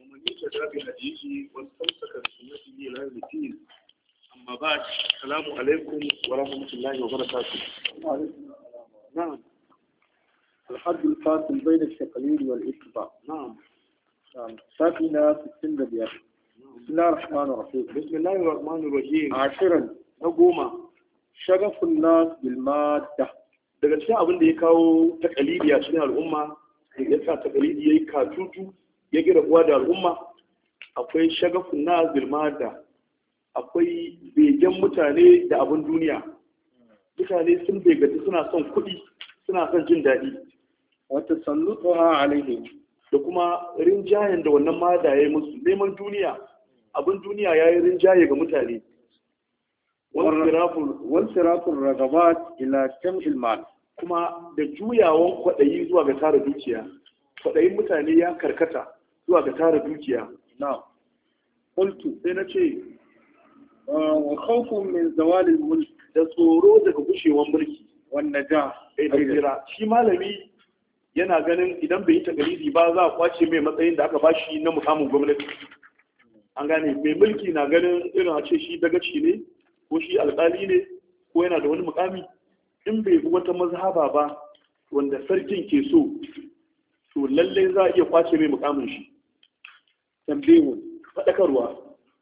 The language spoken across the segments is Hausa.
ومن يتبع بهديه واستمسك بسنته الى يوم الدين اما بعد السلام عليكم ورحمه الله وبركاته نعم الحد الفاصل بين التقليد والاتباع نعم ساكنة في السنة بيار بسم الله الرحمن الرحيم بسم الله الرحمن الرحيم عاشرا نقوم شغف الناس بالمادة daga cikin abin da ya kawo takalibiya cikin al'umma ya sa takalidi ya yi katutu ya gina uwa da al'umma akwai shagafin na zilmada akwai begen mutane da abin duniya mutane sun begatu suna son kuɗi suna son jin daɗi wata sallutuwa alaihi da kuma rinjayen da wannan mada ya yi musu neman duniya abin duniya ya yi rinjaye ga mutane wani sirafin ragabat ila jam'il mal kuma da juyawan kwaɗayi zuwa ga tara dukiya kwaɗayin mutane ya karkata zuwa ga tara dukiya na ƙultu sai na ce wa khawfun min zawalil mulk da tsoro daga gushewan mulki wanda eh, ja jira. shi malami yana ganin idan bai yi tagaridi ba za a kwace mai matsayin da aka bashi na mukamin gwamnati an gane mai mulki na ganin irin a ce shi dagaci ne ko shi alƙali ne ko yana da wani mukami in bai bi wata mazhaba ba wanda sarkin ke so to lallai za a iya kwace mai mukamin shi tambayu fadakarwa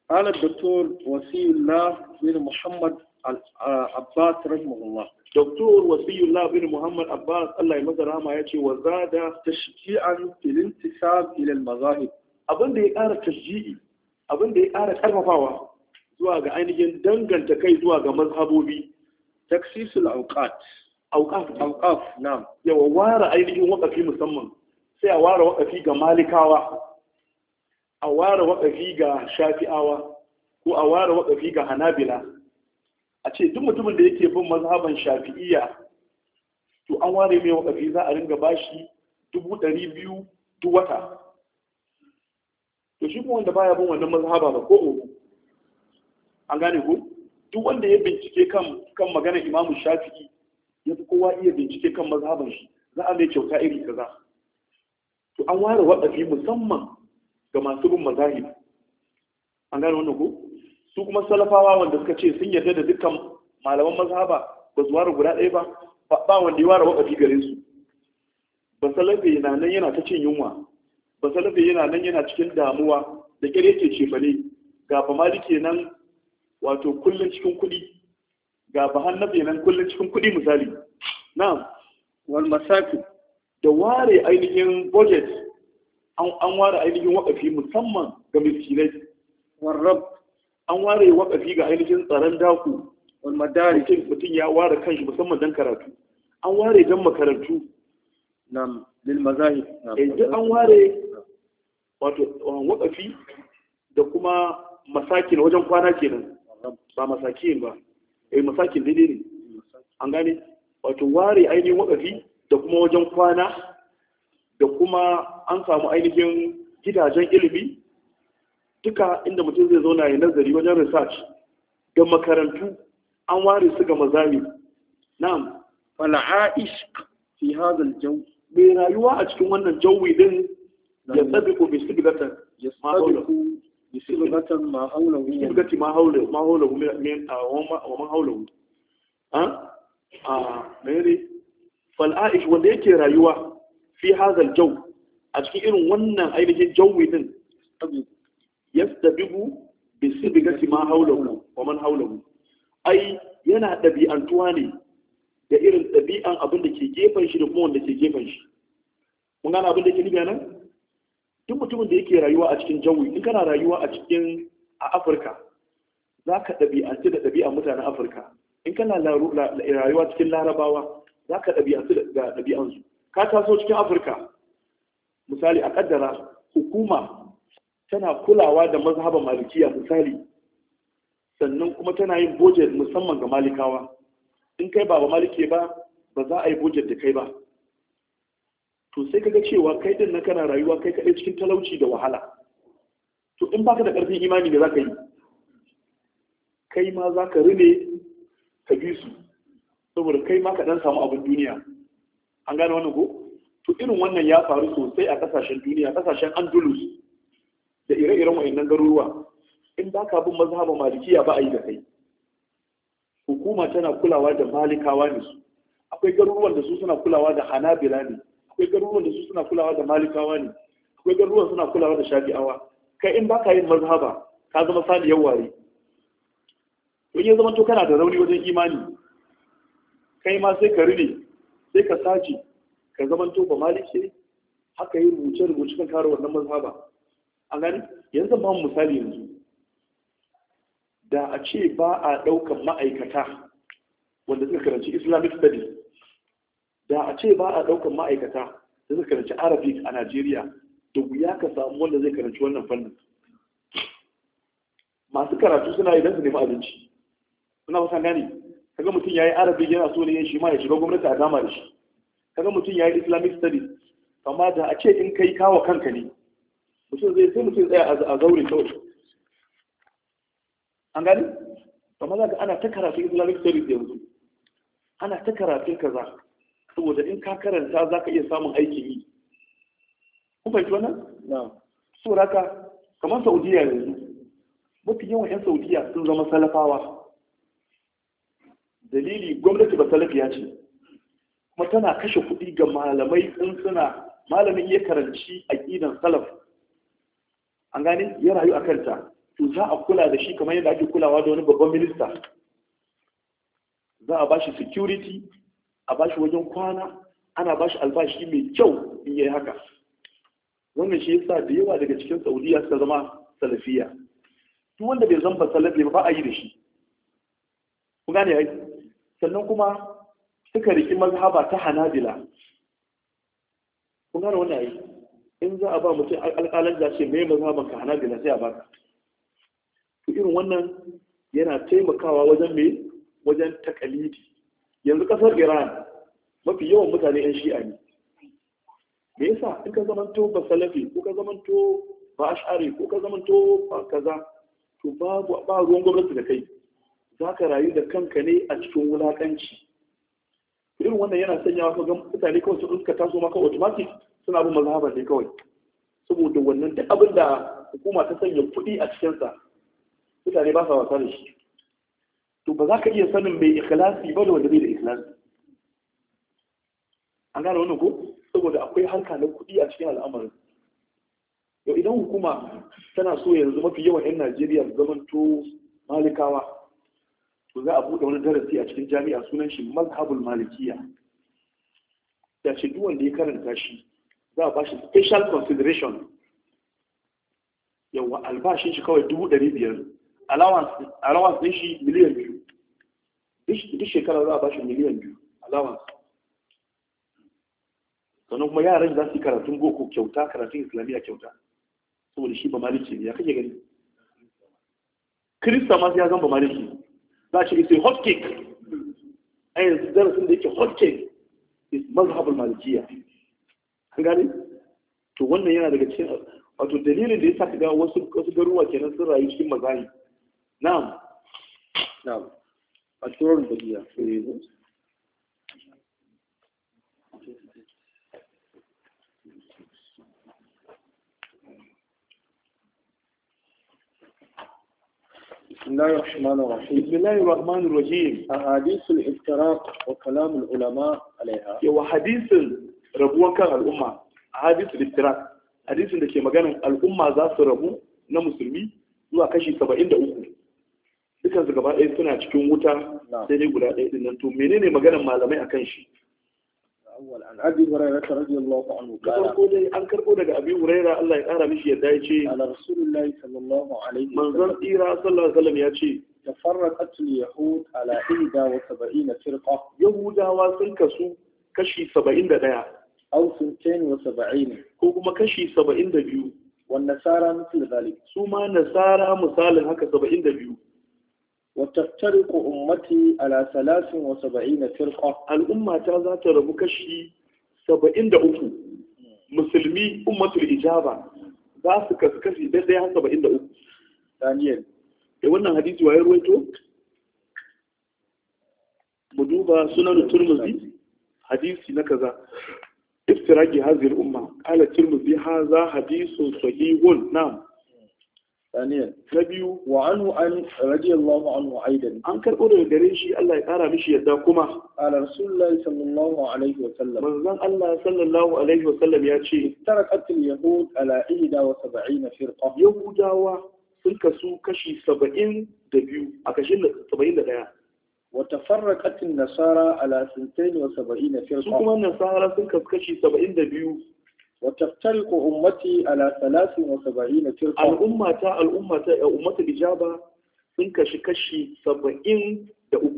ala doktor wasiyullah bin muhammad uh, abbas rahimahullah doktor wasiyullah bin muhammad abbas Allah ya masa ya ce, wa zada tashji'an fil intisab ila al mazahib abinda ya ƙara tashji'i abinda ya ƙara karfafawa zuwa ga ainihin danganta kai zuwa ga mazhabobi taksisul auqat auqaf auqaf na'am yawa ware ainihin wakafi musamman sai a ware wakafi ga malikawa a ware wakafi ga shafi'awa ko a ware wakafi ga hanabila a ce duk mutumin da yake bin mazhaban shafi'iyya to an ware mai wakafi za a ringa bashi dubu ɗari biyu duk wata to shi kuma wanda baya bin wannan mazhaba ba ko an gane ku duk wanda ya bincike kan kan maganar Imam Shafi'i ya fi kowa iya bincike kan mazhaban shi za a mai kyauta iri kaza to an ware wadafi musamman ga masu bin mazahib an gane wannan ko su kuma salafawa wanda suka ce sun yarda da dukkan malaman mazhaba ba su ware guda ɗaya ba ba wanda ya ware wadafi gare su ba salafi yana nan yana ta cin yunwa ba salafi yana nan yana cikin damuwa da kire yake cefane ga ba maliki nan wato kullum cikin kuɗi ga bahan nafi nan kullum cikin kuɗi misali Na wal masaki da ware ainihin budget an ware ainihin wakafi musamman ga miskinai wal an ware wakafi ga ainihin tsaron daku wal madari mutum ya ware kanshi musamman dan karatu an ware dan makarantu na lil mazahib eh, da an ware wato wakafi da kuma masakin wajen kwana kenan ba masakin ba eh masakin daidai ne an gane wato ware ainihin wakafi da kuma wajen kwana da kuma an samu ainihin gidajen ilimi duka inda mutum zai zauna ya nazari wajen research da makarantu an ware su ga mazami na'am wala aish fi hadal al-jaw mai rayuwa a cikin wannan jawi din ya sabiqu bi sigratan ya sabiqu بصبغة ما حوله بصبغة ما حوله ما حوله من وما حوله ها آه ميري فالعائش wanda yake rayuwa fi hazal jaw a cikin irin wannan ainihin jawi din yastabihu bi sibigati ma hawlahu wa man hawlahu ai yana dabi'antuwa ne da irin dabi'an abin da ke gefen shi da kuma wanda ke gefen shi mun gane abin da ke nufi nan duk mutumin da yake rayuwa a cikin jawi in kana rayuwa a cikin a afirka za ka ɗabi'anci da ɗabi'a mutanen afirka in kana rayuwa cikin larabawa za ka ɗabi'anci da ɗabi'ansu ka taso cikin afirka misali a ƙaddara hukuma tana kulawa da mazhaban malikiya misali sannan kuma tana yin bojet musamman ga malikawa in kai ba ba malike ba ba za a yi bojet da kai ba to sai kaga cewa kai din na kana rayuwa kai kaɗai cikin talauci da wahala to in baka da ƙarfin imani da zaka yi kai ma za ka rine ka bi su saboda kai ma ka ɗan samu abin duniya an gane wannan ko to irin wannan ya faru sosai a ƙasashen duniya ƙasashen andalus da ire-iren wa'annan garuruwa in ba ka bin mazhaban malikiya ba a yi da kai hukuma tana kulawa da malikawa ne su akwai garuruwan da su suna kulawa da hanabila ne akwai garuruwan da su suna kulawa da malikawa ne akwai garuruwan suna kulawa da shafi'awa kai in baka yin mazhaba ka zama yau ware to ya zama to kana da rauni wajen imani kai ma sai ka rine sai ka sace ka zama to ba malike haka yi rubuce rubuce kan kare wannan mazhaba a gani yanzu ba mu misali yanzu da a ce ba a ɗaukan ma'aikata wanda suka karanci islamic studies da a ce ba a ɗaukar ma'aikata da suka karanci arabic a najeriya da wuya ka samu wanda zai karanci wannan fannin masu karatu suna yi don su nemi abinci suna wasan gani. kaga mutum ya yi arabic yana so ne ya shi ma ya shiga gwamnati a dama da shi kaga mutum ya yi islamic studies amma da a ce in kai kawo kanka ne mutum zai sai mutum tsaya a zaure kawai an gani amma za ka ana ta karatun islamic studies yanzu ana ta karatun kaza saboda in ka karanta za ka iya samun aikin yi kun fahimci wannan So raka, kamar saudiya yanzu mafi yawan 'yan saudiya sun zama salafawa dalili gwamnati ba salafiya ce kuma tana kashe kuɗi ga malamai in suna malamin iya karanci aƙidan salaf an gane ya rayu a kanta to za a kula da shi kamar yadda ake kulawa da wani babban minista za a ba shi security a bashi wajen kwana ana bashi albashi mai kyau in yi haka wannan shi yasa da yawa daga cikin saudiya suka zama salafiya duk wanda bai zamba salafi ba a yi da shi ku gane sannan kuma suka riki mazhaba ta hanabila ku gane wannan in za a ba mutum alƙalar da ce mai mazhaban ka hanabila sai a baka to irin wannan yana taimakawa wajen mai wajen takalidi yanzu kasar iran mafi yawan mutane yan shi'a ne me yasa in ka zamanto ba salafi ko ka zamanto ba ash'ari ko ka zamanto ba kaza to babu ba ruwan gwamnati da kai za ka rayu da kanka ne a cikin wulakanci irin wannan yana sanyawa ka ga mutane kawai sun suka taso maka automatic suna bin mazhaban ne kawai saboda wannan duk abin da hukuma ta sanya kuɗi a cikinsa mutane ba sa wasa da shi to ba za ka iya sanin mai ikhlasi ba da wanda bai da ikhlasi an gane wannan ko saboda akwai harka na kuɗi a cikin al'amarin yau idan hukuma tana so yanzu mafi yawan 'yan najeriya su zamanto malikawa to za a buɗe wani darasi a cikin jami'a sunan shi mazhabul malikiya da ce duk wanda ya karanta shi za a bashi special consideration yawa albashin shi kawai dubu ɗari biyar allowance ɗin shi miliyan biyu duk shekara za a bashi miliyan biyu allowance sannan kuma yaran za su yi karatun boko kyauta karatun islamiyya kyauta saboda shi ba maliki ne ya kake gani kirista ma ya zan maliki za a ce isai hot cake a yanzu darasin da yake hot cake is mazhabul malikiya an gane to wannan yana daga cikin wato dalilin da ya sa ka ga wasu wasu garuwa kenan sun rayu cikin mazahi na'am na'am بسم الله الرحمن الرحيم بسم الله الرحمن الرحيم أحاديث الافتراق وكلام العلماء عليها يو حديث ربوة كان الأمة حديث الافتراق حديث اللي كي مغانا الأمة ذات ربو نمسلمي zuwa kashi saba'in da uku dukan su gaba ɗaya suna cikin wuta sai dai guda ɗaya din nan to menene maganar malamai akan shi awwal an abi radiyallahu anhu ko dai an karbo daga abi hurairah Allah ya kara mishi yadda yace ce ala rasulullahi sallallahu alaihi wasallam manzon tsira sallallahu alaihi wasallam ya tafarraqat al-yahud ala 71 firqa yahudawa sun kasu kashi 71 aw ko kuma kashi 72 wan nasara misal zalik su nasara misalin haka 72 وتفترق أمتي على ثلاث وسبعين فرقة الأمة ذات ربكشي سبعين دعوكو مسلمي أمة الإجابة ذات كسكسي بداية سبعين دعوكو ثانيا يوانا حديث وهي رويتو مدوبة سنن الترمذي حديثي نكذا افتراج هذه الأمة قال الترمذي هذا حديث صحيح نعم Daniel. Na biyu, wa anu an radiyallahu anhu aidan. An karɓo daga gare shi Allah ya ƙara mishi yadda kuma. A Rasulullah sallallahu alaihi wa sallam. Manzon Allah sallallahu alaihi wa sallam ya ce. Tara ƙatil Yahud ala ihida wa saba'in na firqa. sun kasu kashi saba'in da biyu a kashin saba'in da ɗaya. Wa tafarra Nasara ala sintain wa saba'in na firqa. Su Nasara sun kasu kashi saba'in da biyu وتفترق أمتي على 73 فرقة الأمة تا الأمة تا أمة الإجابة إن كشي كشي سبعين دا أكو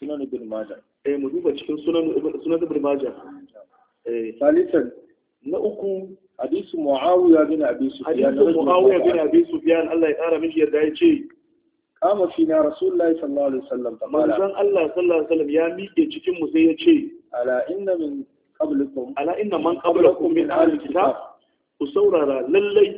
سنن ابن ماجه إيه مدوبة شكل سنن ابن سنن ابن ماجه إيه ثالثا نأكو حديث معاوية بن أبي سفيان حديث معاوية بن أبي سفيان الله يقرأ من يرد شيء قام فينا رسول الله صلى الله عليه وسلم فقال من الله صلى الله عليه وسلم يا ميكي تشكي مسيا شيء على إن من qablikum ala inna man qablakum min ahli kitab ku saurara lallai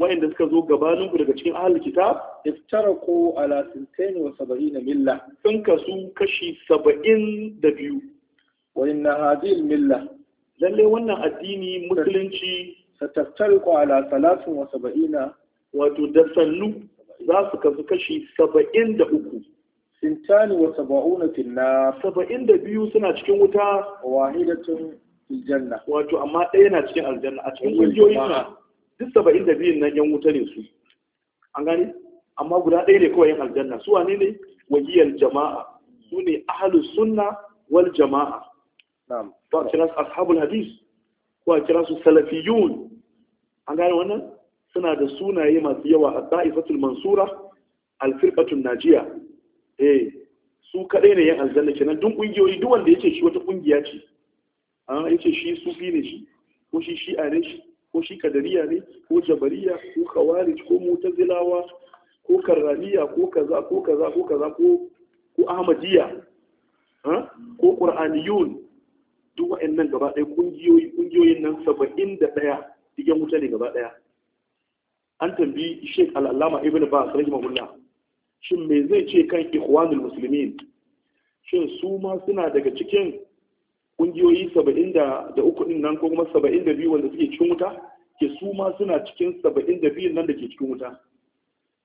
wa'anda suka zo gabanin ku daga cikin ahli kitab iftaraku ala 72 milla sun kasu kashi 72 wa inna hadhihi milla lallai wannan addini musulunci sataftariku ala 73 wato da sannu za su kasu kashi 73 sintani wa saba'una finna saba'in da biyu suna cikin wuta wahidatun aljanna wato amma ɗaya na cikin aljanna a cikin kungiyoyin suna duk saba'in da biyun nan yan wuta ne su an gani amma guda ɗaya ne kawai yan aljanna su wane ne wajiyar jama'a su ne ahalus sunna wal jama'a ba a kira su ashabul hadis ko a kira su salafiyun an gane wannan suna da sunaye masu yawa a da'ifatul mansura alfirqatul najiya eh su kadai ne yan aljanna kenan duk kungiyoyi duk wanda yake shi wata kungiya ce an yace shi sufi ne shi ko shi shi'a ne shi ko shi kadariya ne ko jabariya ko khawarij ko mutazilawa ko Karraniya, ko kaza ko kaza ko kaza ko ko ahmadiyya ko qur'aniyun duk wa'annan gaba ɗaya kungiyoyi kungiyoyin nan 71 cikin wuta ne gaba ɗaya an tambayi Sheikh Al-Allama ibnu ba'd rahimahullah shin me zai ce kan ikhwanul muslimin shin su ma suna daga cikin kungiyoyi saba'in da uku din nan ko kuma saba'in da biyu wanda suke cikin wuta ke su ma suna cikin saba'in da nan da ke cikin wuta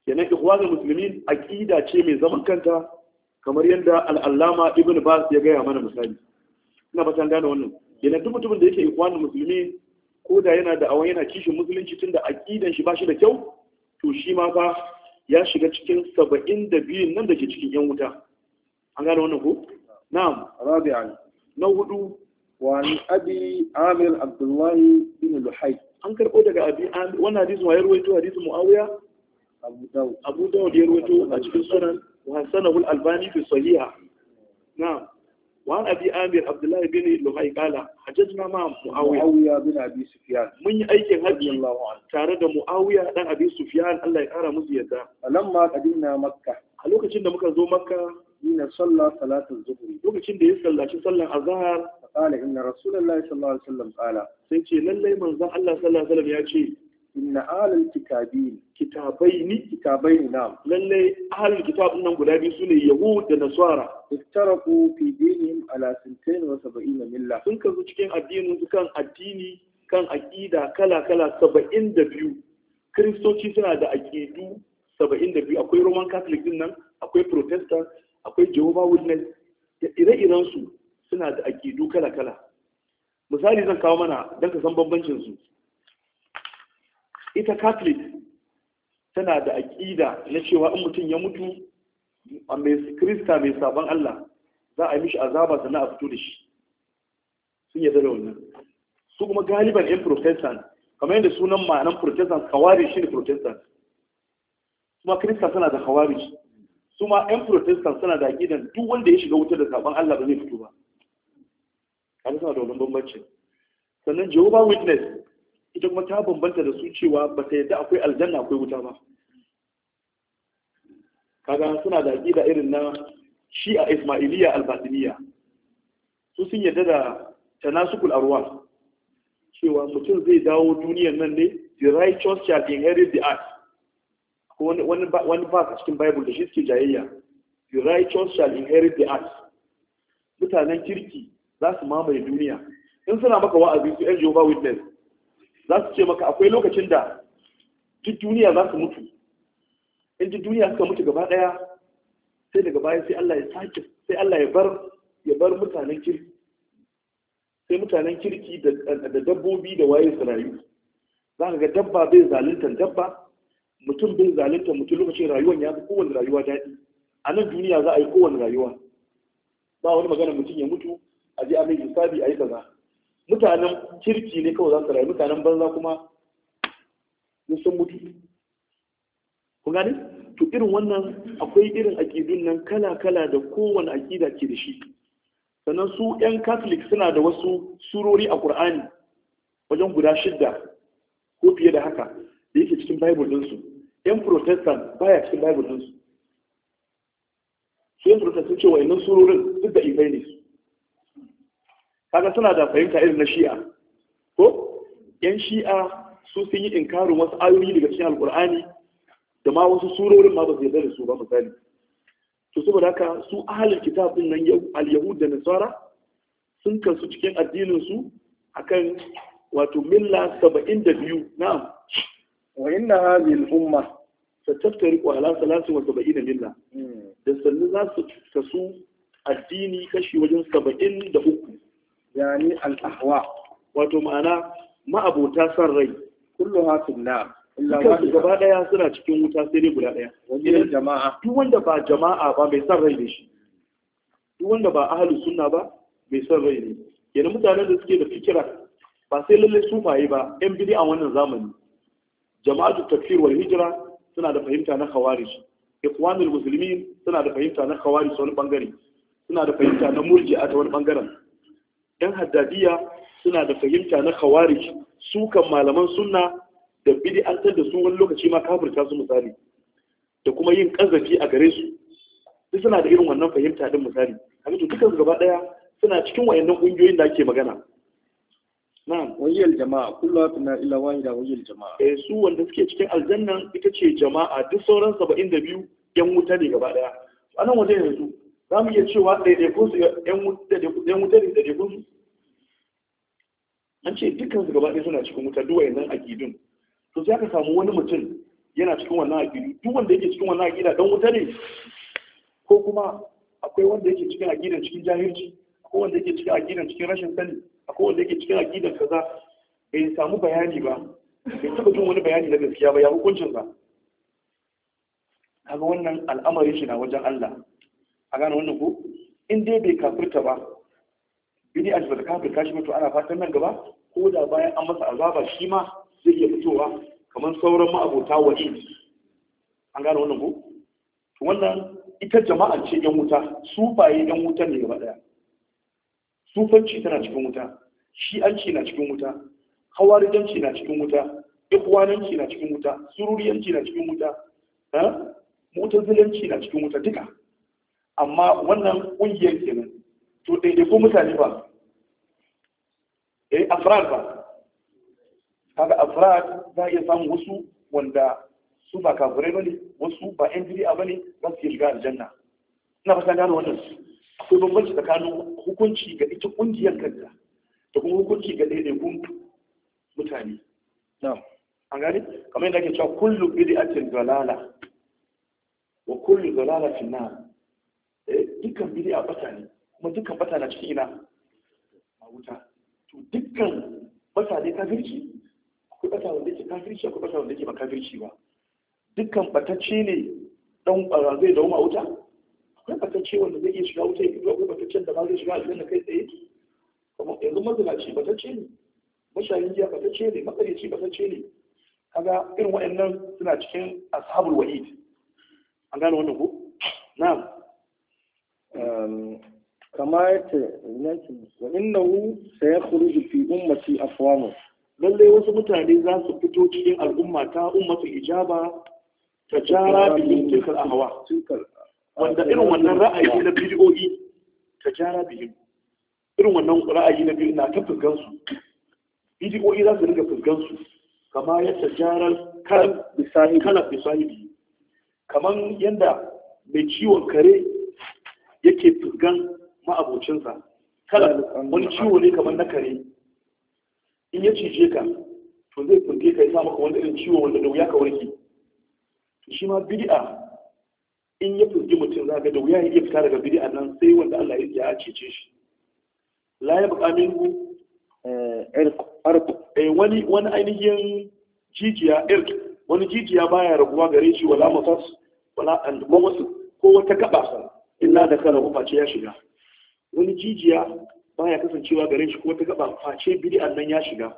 kenan ikhwanul muslimin aqida ce mai zaman kanta kamar yadda al-allama ibn bas ya gaya mana misali ina fatan gane wannan kenan duk mutumin da yake ikhwanul muslimin ko da yana da awon yana kishin musulunci tunda aqidan shi ba shi da kyau to shi ma fa ya shiga cikin saba'in da biyun nan da ke cikin yan wuta an gane wannan ko na'am rabi'an na hudu wa ni abi amir abdullahi bin luhai an karɓo daga abi amir Wani hadisin wa ya ruwaito hadisin muawiya abu dawud abu ya ruwaito a cikin sunan wa hasanahu al-albani fi sahiha na'am وعن أبي آمير عبد الله بن لهي قال حججنا مع معاوية معاوية بن أبي سفيان من أي حج الله عنه تارد معاوية بن أبي سفيان الله يقرأ مزيدا لما قدمنا مكة لوكا شند مكة زو مكة من صلى صلاة الظهر لوكا شند يصلى شو صلى الظهر فقال إن رسول الله صلى الله عليه وسلم قال سيتي للي من الله صلى الله عليه وسلم يا شيخ inna alal kitabin kitabai kitabaini na lalle ahlul kitab nan guda biyu sune yahud da nasara istaraku fi dinihim ala 72 milla sun kazu cikin addinin su kan addini kan aqida kala kala 72 kristoci suna da aqidu 72 akwai roman catholic din nan akwai protestant akwai jehovah witness da ire-iren su suna da aqidu kala kala misali zan kawo mana don ka san bambancin su ita catholic tana da aƙida na cewa in mutum ya mutu a mai krista mai sabon allah za a yi mishi azaba sannan a fito da shi sun yadda da wannan su kuma galiban yan protestant kamar yadda sunan ma'anan protestant kawari shi ne protestant kuma krista tana da kawari su ma yan protestant suna da aƙidan duk wanda ya shiga wuta da sabon allah ba zai fito ba kan suna da wannan bambancin sannan jehovah witness ita kuma ta bambanta da su cewa ba ta yadda akwai aljanna akwai wuta ba kaga suna da aƙida irin na shi shi'a ismailiyya albatiniya su sun yadda da tanasukul arwa cewa mutum zai dawo duniyar nan ne the righteous shall inherit the earth wani wani ba a cikin bible da shi suke jayayya the righteous shall inherit the earth mutanen kirki za su mamaye duniya in suna maka wa'azi su yan jehovah witness za su ce maka akwai lokacin da duk duniya za su mutu in duk duniya suka mutu gaba daya sai daga baya sai Allah ya sake sai Allah ya bar ya bar mutanen kirki sai mutanen kirki da dabbobi da waye su rayu za ka ga dabba bai zaluntar dabba mutum bai zaluntar mutum lokacin rayuwar ya fi kowane rayuwa daɗi a nan duniya za a yi kowane rayuwa ba wani magana mutum ya mutu a je a mai hisabi a yi kaza mutanen kirki ne kawai za su rayu mutanen banza kuma sun mutu ku gani to irin wannan akwai irin aƙidun nan kala-kala da kowane aƙida ke da shi sannan su 'yan catholic suna da wasu surori a ƙur'ani wajen guda shidda ko fiye da haka da yake cikin bible ɗinsu 'yan protestant baya cikin bible ɗinsu su 'yan protestant cewa nan surorin duk da ibai ne su kaga suna da fahimta irin na shi'a ko yan shi'a su sun yi inkarin wasu ayoyi daga cikin alkur'ani da ma wasu surorin ma ba su yarda da su ba misali to saboda haka su ahalin kitab din nan al-yahud da nasara sun kasu cikin addinin su akan wato milla 72 na'am wa inna hadhihi al-umma sataftariqu ala 73 milla hmm. da sannu za su kasu addini kashi wajen 73 yani al-ahwa wato ma'ana ma'abota son rai kulluha fil nar kansu gaba daya suna cikin wuta sai dai guda daya wajen jama'a duk wanda ba jama'a ba mai son rai da shi duk wanda ba ahlus sunna ba mai son rai ne yana mutanen da suke da fikira ba sai lalle sufaye ba yan bidi a wannan zamani jama'atu tafsir wal hijra suna da fahimta na khawarij ikhwanul muslimin suna da fahimta na khawarij wani bangare suna da fahimta na murji'a ta wani bangaren yan haddadiya suna da fahimta na khawarij su kan malaman suna da bid'antar da su wani lokaci ma kafirta su misali da kuma yin ƙazafi a gare su duk suna da irin wannan fahimta din misali kaga to dukkan gaba daya suna cikin wayannan ƙungiyoyin da ake magana na'am wajiyal jama'a kullu tana illa wahida wajiyal jama'a eh su wanda suke cikin aljannan ita ce jama'a duk sauran 72 yan wuta ne gaba daya anan waje yanzu za mu iya cewa ɗaiɗaikun su ‘yan wuta ne ɗaiɗaikun su an ce dukkan su gaba ɗaya suna cikin wuta duwa yanzu aƙidun to sai aka samu wani mutum yana cikin wannan gidi duk wanda yake cikin wannan aƙida ɗan wuta ne ko kuma akwai wanda yake cikin gidan cikin jahilci akwai wanda yake cikin gidan cikin rashin sani akwai wanda yake cikin gidan kaza bai samu bayani ba bai taɓa jin wani bayani na gaskiya ba ya hukuncin ba kaga wannan al'amari shi na wajen Allah a gane wannan ko in dai bai kafirta ba bini a da kafirta shi mutu ana fatan nan gaba ko da bayan an masa azaba shi ma zai iya fitowa kamar sauran ma'abota waje an gane wannan ko to wannan ita jama'a ce yan wuta su baye yan wuta ne gaba daya sufanci tana cikin wuta shi an ce na cikin wuta hawarijanci na cikin wuta ikwananci na cikin wuta sururiyanci na cikin wuta eh? mutazilanci na cikin wuta duka amma wannan ƙungiyar kenan to ko mutane ba eh afrad ba kaga afrad za a iya samun wasu wanda su ba ba ne, wasu ba yan jiri'a bane za su iya shiga aljanna ina fata gano wannan akwai bambanci tsakanin hukunci ga ita ƙungiyar kanta da kuma hukunci ga kun mutane na'am an gani kamar yadda ake cewa kullu bid'atin dalala wa kullu dalalatin nar Eh, dukkan bid'a bata ne kuma dukkan bata na cikin ina a wuta to dukkan bata ne kafirci akwai bata wanda ke kafirci akwai bata wanda ke ba kafirci ba dukkan batacce ne dan zai dawo a wuta akwai batacce wanda zai iya shiga wuta ya fito akwai batacce da ba zai shiga a da kai tsaye kuma yanzu ce batacce ne mashayin giya batacce ne matsalici batacce ne kaga irin waɗannan suna cikin ashabul wa'id an gane wannan ko na'am Ehm, kamar yace wa innahu sayakhruju fi ummati afwamu lalle wasu mutane za su fito cikin al'umma ta ummatu ijaba ta jara bihim tilkal ahwa wanda irin wannan ra'ayi na bid'o'i ta jara bihim irin wannan ra'ayi na bid'o'i na ta fuskan su bid'o'i za su riga fuskan su kama yadda jarar kalab bisani kalab bisahibi kaman yanda mai ciwon kare yake fusgan ma'abocinsa kala wani ciwo ne kamar na kare in ya cije ka to zai furge ka ya sa maka wani irin ciwo wanda da wuya ka warke to shi ma bid'a in ya furge mutum za ga da wuya ya iya fita daga bid'a nan sai wanda Allah ya cece shi la ya buƙa ku eh, eh, wani wani ainihin jijiya irk wani jijiya baya rabuwa gare shi wala mafas wala an ko wata gaba illa da kala face ya shiga wani jijiya baya kasancewa gare shi kuma ta gaba face bid'an nan ya shiga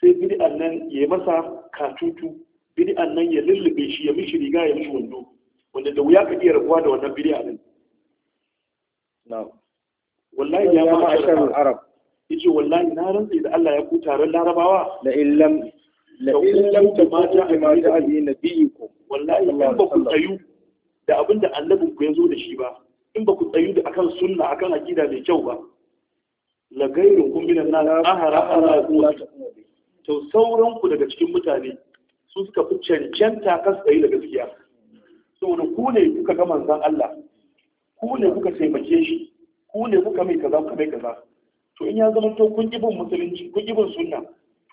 sai bid'an nan ya masa katutu bid'an nan ya lullube shi ya mishi riga ya mishi wando wanda da wuya ka iya rabuwa da wannan bid'a din na wallahi ya ma ashar arab yace wallahi na rantsa da Allah ya ku taron larabawa la illam la illam tamata ma ja'a bi nabiyikum wallahi ba ku tayu da abinda annabinku ya zo da shi ba in ba ku tsayu da akan sunna akan aqida mai kyau ba la gairu kun minan nan ahara ala ta to sauran ku daga cikin mutane su suka fi cancanta kan tsayi da gaskiya saboda ku ne kuka ga manzon Allah ku ne kuka taimake shi ku ne kuka mai kaza ku mai kaza to in ya zama to kun gibin musulunci kun gibin sunna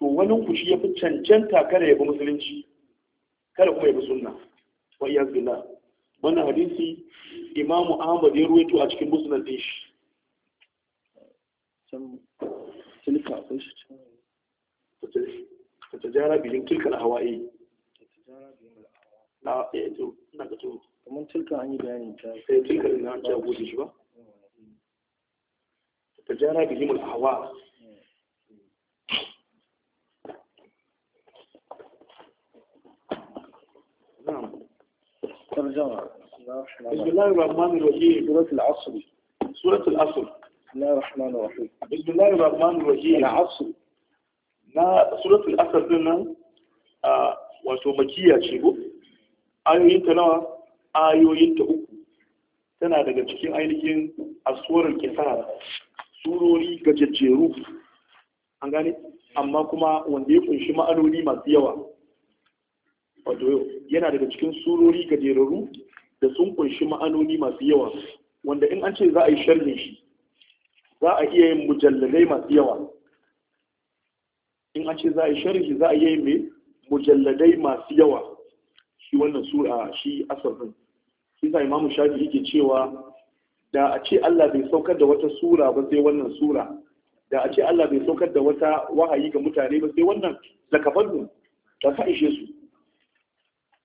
to wani ku shi ya fi cancanta kada ya bi musulunci kada kuma ya bi sunna wa iyaz billah wannan hadisi Imamu Ahmad ya ruwaito a cikin musnad din shi ta tajara bilin kirka na Hawaii. Eh, na ya to na ga to kamar tilka an yi bayani ta sai eh, tilka din an ta gode shi ba ta tajara bilin hawa na'am tarjama بسم الله الرحمن الرحيم سورة na suratul asr nan a wato makiya ce ko ayoyin ta nawa ayoyin ta uku tana daga cikin ainihin aswarul kisar surori gajejjeru amma kuma wanda ya ƙunshi ma'anoni masu yawa yana daga cikin surori gajerarru da sun kunshi ma'anoni masu yawa wanda in an ce za a yi sharhin shi za a iya yin mujallalai masu yawa in an ce za a yi sharhi za a iya yin mai mujalladai masu yawa shi wannan sura shi asarin shi sa imamu shafi yake cewa da a ce Allah bai saukar da wata sura ba sai wannan sura da a ce Allah bai saukar da wata wahayi ga mutane ba sai wannan lakabannu da ka ishe su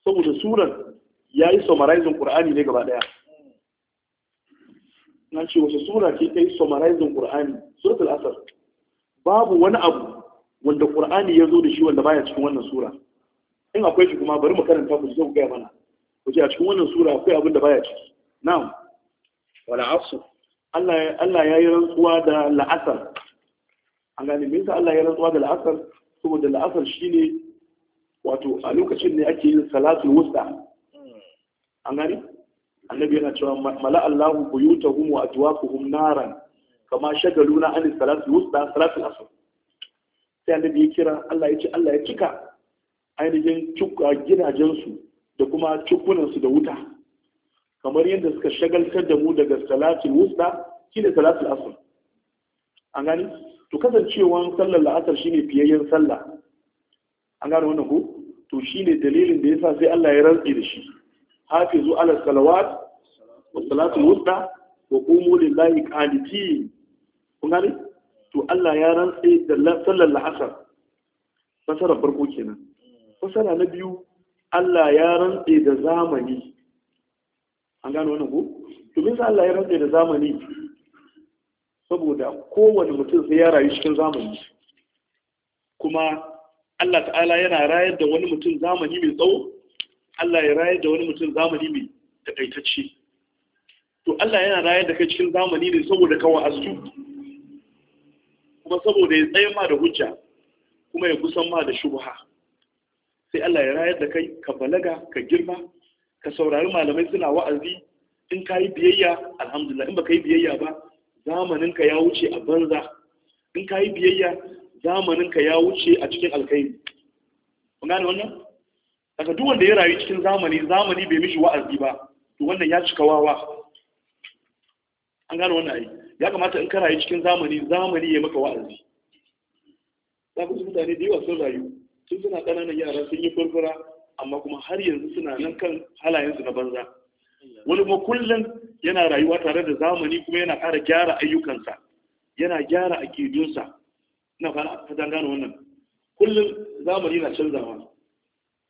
saboda surar ya yi summarizing ƙur'ani ne gaba ɗaya. na ce wasu sura ce ta yi summarizing ƙur'ani suratul asar babu wani abu wanda ƙur'ani ya zo da shi wanda baya cikin wannan sura in akwai shi kuma bari mu karanta ku zai gaya mana ku ce a cikin wannan sura akwai abin da baya ciki na'am wala asr Allah Allah ya yi rantsuwa da la'asar an gane me yasa Allah ya rantsuwa da la'asar saboda la'asar shine wato a lokacin ne ake yin salatul wusta an gani annabi yana cewa mala Allahu buyutahum wa atwaquhum naran kama shagaluna an salati wusta salati asr sai annabi ya kira Allah ya ce Allah ya cika ainihin gidajen su da kuma cukunan su da wuta kamar yadda suka shagaltar da mu daga salati wusta shi da salati asr an gani to kasancewan sallar la'asar shine fiyayyen sallah an gane wannan ko to shine dalilin da yasa sai Allah ya rantsi da shi hafizu ala salawat wa Salatu wusta wa qumu lillahi qanitin kun gani to Allah ya rantse da sallar la'asar fasara farko kenan fasara na biyu Allah ya rantse da zamani an gano wannan ko to me Allah ya rantse da zamani saboda kowane mutum sai ya rayu cikin zamani kuma Allah ta'ala yana rayar da wani mutum zamani mai tsawo Allah ya rayar da wani mutum zamani mai takaitacce to Allah yana rayar da kai cikin zamani ne saboda ka wa'azu kuma saboda ya tsaye ma da hujja kuma ya kusan ma da shubha sai Allah ya rayar da kai ka balaga ka girma ka saurari malamai suna wa'azi in ka yi biyayya alhamdulillah in ba ka yi biyayya ba zamaninka ya wuce a banza in ka yi biyayya zamaninka ya wuce a cikin alkhairi kun wannan daga duk wanda ya rayu cikin zamani zamani bai mishi wa'azi ba to wannan ya cika wawa an gano wannan ai ya kamata in ka rayu cikin zamani zamani ya maka wa'azi za ku mutane da yawa sun rayu sun suna ƙananan yara sun yi furfura amma kuma har yanzu suna nan kan halayensu na banza wani kuma kullum yana rayuwa tare da zamani kuma yana ƙara gyara ayyukansa yana gyara akidunsa na fara gano wannan kullum zamani na canzawa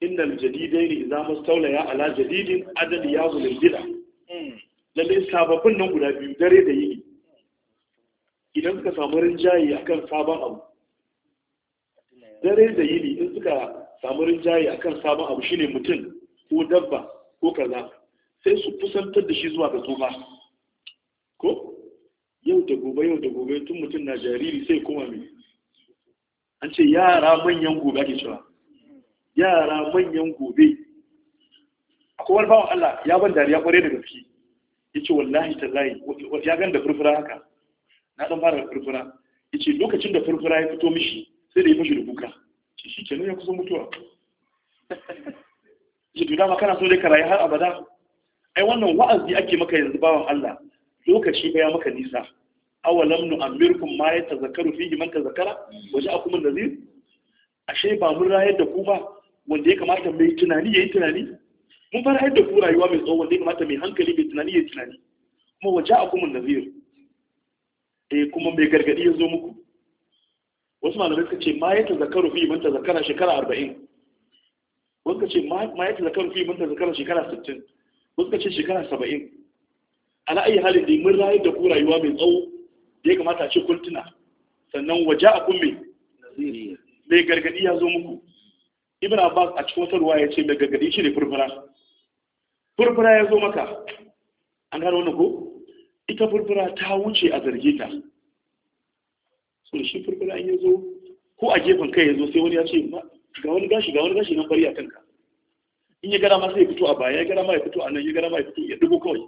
innal jadidaini idza mustawlaya ala jadidin adal yahu lil bid'a hmm. lalle sababbin nan guda biyu dare da yini idan suka samu rinjaye akan sabon abu dare da yini in suka samu rinjaye akan sabon abu shine mutum ko dabba ko kaza sai su kusantar da shi zuwa ga tsufa ko yau da gobe yau da gobe tun mutum na jariri sai koma mai an ce yara manyan gobe ake cewa yara manyan gobe akwai wani bawan Allah ya ban dariya kware da gaske yace wallahi tallahi ya gan da furfura haka na dan fara furfura yace lokacin da furfura ya fito mishi sai da ya fashi da kuka shi shi kenan ya kusa mutuwa yace dama kana so dai ka har abada ai wannan wa'azi ake maka yanzu bawan Allah lokaci ba ya maka nisa awalam nu amirkum ma yatazakkaru fihi man tazakara waje akumun nazir ashe ba mun rayar da ku ba wanda ya kamata mai tunani ya yi tunani mun fara haifar da ku rayuwa mai tsawo wanda ya kamata mai hankali mai tunani ya yi tunani kuma waje a kuma nazir eh kuma mai gargadi ya zo muku wasu malamai suka ce ma ya tazakaru fi ta zakara shekara arba'in wasu ka ce ma ya tazakaru fi ta zakara shekara sittin wasu ka ce shekara saba'in A ayi halin da mun rayar da ku rayuwa mai tsawo da ya kamata a ce kun tuna sannan waje a kun mai mai gargadi ya zo muku ibn abbas a cikin wata ruwa ya ce daga gari shi ne furfura furfura ya zo maka an gano wani ko ita furfura ta wuce a zarge ta sun shi furfura ya zo ko a gefen kai ya zo sai wani ya ce ga wani gashi ga wani gashi nan bari a kanka in ya gara ma sai ya fito a baya ya gara ma ya fito a nan ya gara ma ya fito ya dubo kawai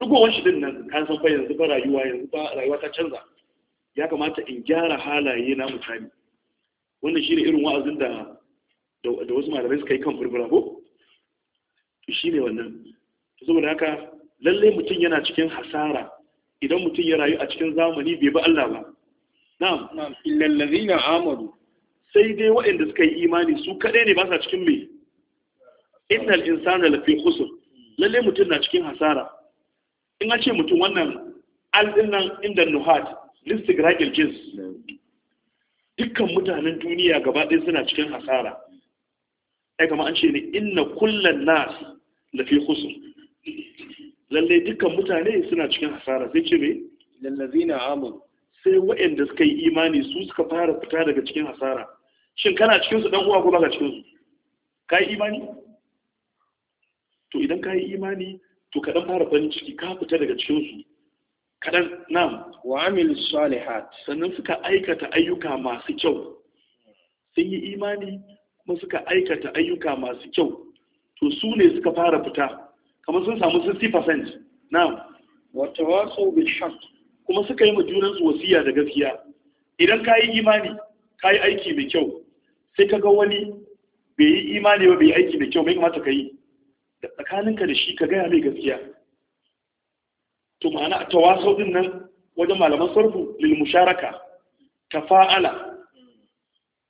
dugowar shi din nan kan san fa yanzu ba rayuwa yanzu ba rayuwa ta canza ya kamata in gyara halaye na mutane wannan shi ne irin wa'azin da da wasu malamai suka yi kan furfura ko shi ne wannan saboda haka lalle mutum yana cikin hasara idan mutum ya rayu a cikin zamani bai bi Allah ba na'am na'am illal ladina amanu sai dai waɗanda suka yi imani su kadai ne ba sa cikin mai innal insana lafi khusr lalle mutum na cikin hasara in an ce mutum wannan al'innan inda nuhat listigragil jins dukkan mutanen duniya gaba ɗaya suna cikin hasara ai kama an ce ne inna kullan na, la fi khusr lalle dukkan mutane suna cikin hasara sai ce me lallazina amu. sai waɗanda suka yi imani su suka fara fita daga cikin hasara shin kana cikinsu ɗan uwa ko baka cikinsu? Ka yi imani to idan yi imani to ka ɗan fara farin ciki ka fita daga cikinsu. Kaɗan nan, nam wa amil salihat sannan suka aikata ayyuka masu kyau sun yi imani kuma suka aikata ayyuka masu kyau to su ne suka fara fita kamar sun samu 60% na wata wasu bil kuma suka yi majunan su wasiya da gaskiya idan ka yi imani ka yi aiki mai kyau sai ka ga wani bai yi imani ba bai yi aiki mai kyau mai kamata ka yi da tsakaninka da shi ka gaya mai gaskiya to ma'ana tawasau din nan wajen malaman sarfu lil musharaka tafa'ala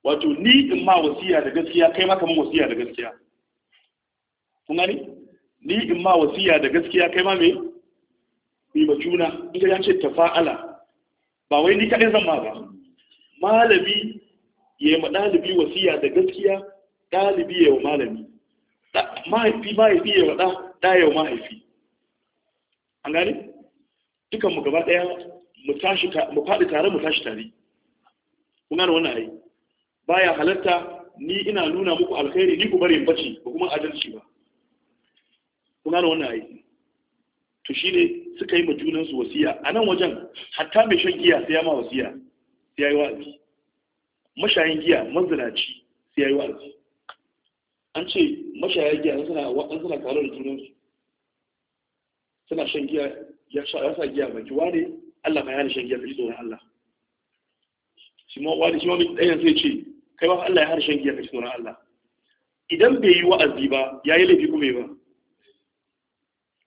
wato ni in ma wasiya da gaskiya kai maka min wasiya da gaskiya kun gani ni in ma wasiya da gaskiya kai ma me bi ma juna ita ya ce tafa'ala ba wai ni kadai zan ma ba malami ya yi ma dalibi wasiya da gaskiya dalibi ya yi wa malami mahaifi mahaifi ya wa ɗa ɗa ya wa mahaifi an gani dukan mu gaba ɗaya mu faɗi tare mu tashi tare kun gani wannan ai baya halatta ni ina nuna muku alkhairi ni ku bari in bace ba kuma adalci ba kuna da wannan ayi to shine suka yi majunan su wasiya a nan wajen hatta mai shan giya sai ya ma wasiya sai ya yi wa'azi mashayin giya mazinaci sai ya yi wa'azi an ce mashayin giya suna wa'an suna karar da junan su suna shan giya ya sa giya baki wane Allah ma ya shan giya kaji tsoron Allah shi ma wani shi ma mai ɗayan sai ce kai ba Allah ya harshen giya ka tsoron Allah idan bai yi wa'azi ba ya yi laifi kuma ba